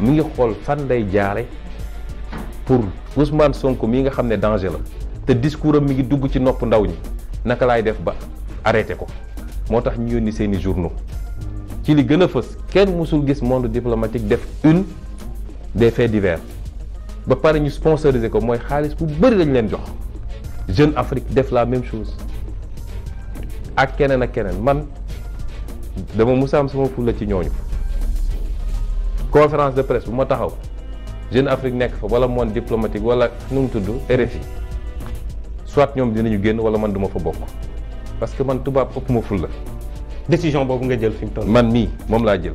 mu ngi xool fan lay jaare pour Ousmane Sonko mii nga xam ne danger la te discours am mi ngi dugg ci nopp ndaw ñi naka laay def ba arrêté ko moo tax ñu yónni seeni journaux ci li gën a fës kenn mësul gis monde diplomatique def une des faits divers ba pare ñu sponsorisé ko mooy xaalis bu bëri lañ leen jox Jeune Afrique def la même chose ak keneen ak keneen man dama musaam sama la ci ñooñu conférence de presse bu ma taxaw Jeune Afrique nekk fa wala monde diplomatique wala nu mu tudd RFI soit ñoom dinañu génn wala man duma fa bokk parce que man tubaab ëpp ma ful la décision boobu nga jël fi mu toll man mii moom laa jël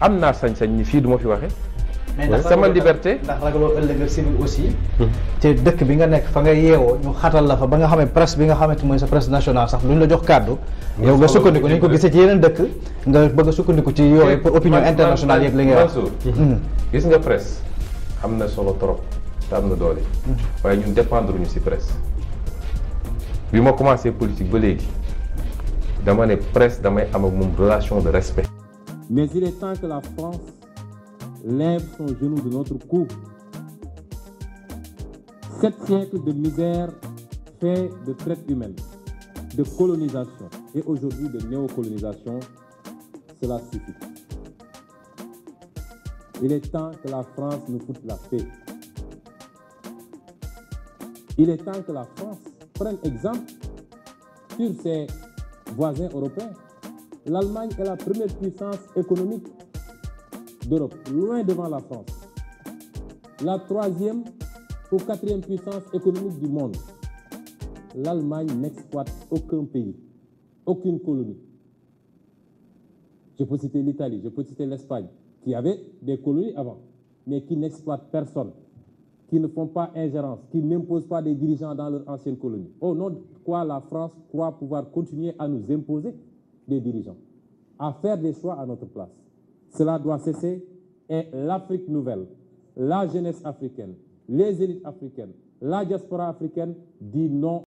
am naa sañ-sañ ni fii du ma fi waxee. mais sama liberté ndax ragaloo ëllëg aussi. Mhm. te dëkk bi nga nekk fa nga yeewoo ñu xatal la fa ba nga xam ne presse bi nga xamante mooy sa presse nationale sax ñu la jox kàddu. yow nga sukkandiku ni ñu ko gisee ci yeneen dëkk. nga bëgg a sukkandiku ci yooyu pour opinion internationale yëpp li nga wax. Mhm. gis nga presse am na solo trop te am na doole. Mhm. waaye ñun dépendre ñu si presse. bi ma commencé politique ba léegi dama ne presse damay am ak moom relation de respect. Mais il est temps que la France lève son genou de notre cou. Sept siècles de misère fait de traite humaine, de colonisation et aujourd'hui de néocolonisation, cela suffit. Il est temps que la France nous foute la paix. Il est temps que la France prenne exemple sur ses voisins européens l'Allemagne est la première puissance économique d'Europe, loin devant la France. La troisième ou quatrième puissance économique du monde. L'Allemagne n'exploite aucun pays, aucune colonie. Je peux citer l'Italie, je peux citer l'Espagne, qui avait des colonies avant, mais qui n'exploitent personne, qui ne font pas ingérence, qui n'imposent pas des dirigeants dans leur ancienne colonie. Au nom de quoi la France croit pouvoir continuer à nous imposer des dirigeants, à faire des choix à notre place. Cela doit cesser et l'Afrique nouvelle, la jeunesse africaine, les élites africaines, la diaspora africaine dit non.